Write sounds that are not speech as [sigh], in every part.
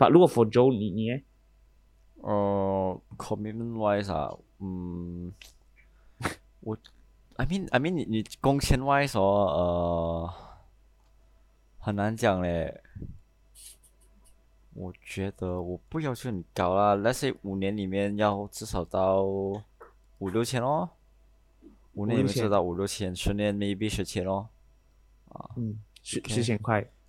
但如果 for Joe 呢呢？誒，commitment wise 嗯、啊，我、um, [laughs] ，I mean I mean 你你工錢 wise，很難講咧，我覺得我不要求你高啦，那些五年裏面要至少到五六千，哦五年至少到五六千，十年 maybe 十千啊，嗯，十十千塊。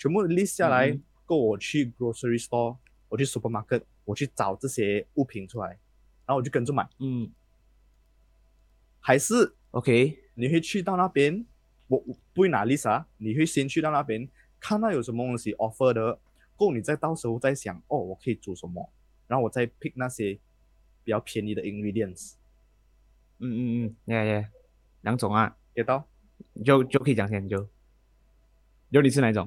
全部 list 下來，嗯、夠我去 grocery store，我去 supermarket，我去找這些物品出來，然後我就跟着買。嗯。還是 OK？你會去到那邊，我唔會拿 list 啊，你會先去到那邊，看到有什麼東西 offer 的，夠你再到時候再想，哦，我可以煮什麼，然後我再 pick 那些比較便宜的 ingredients、嗯。嗯嗯嗯，yeah yeah，兩種啊，get 到，就就可以講先，就，就你是哪種？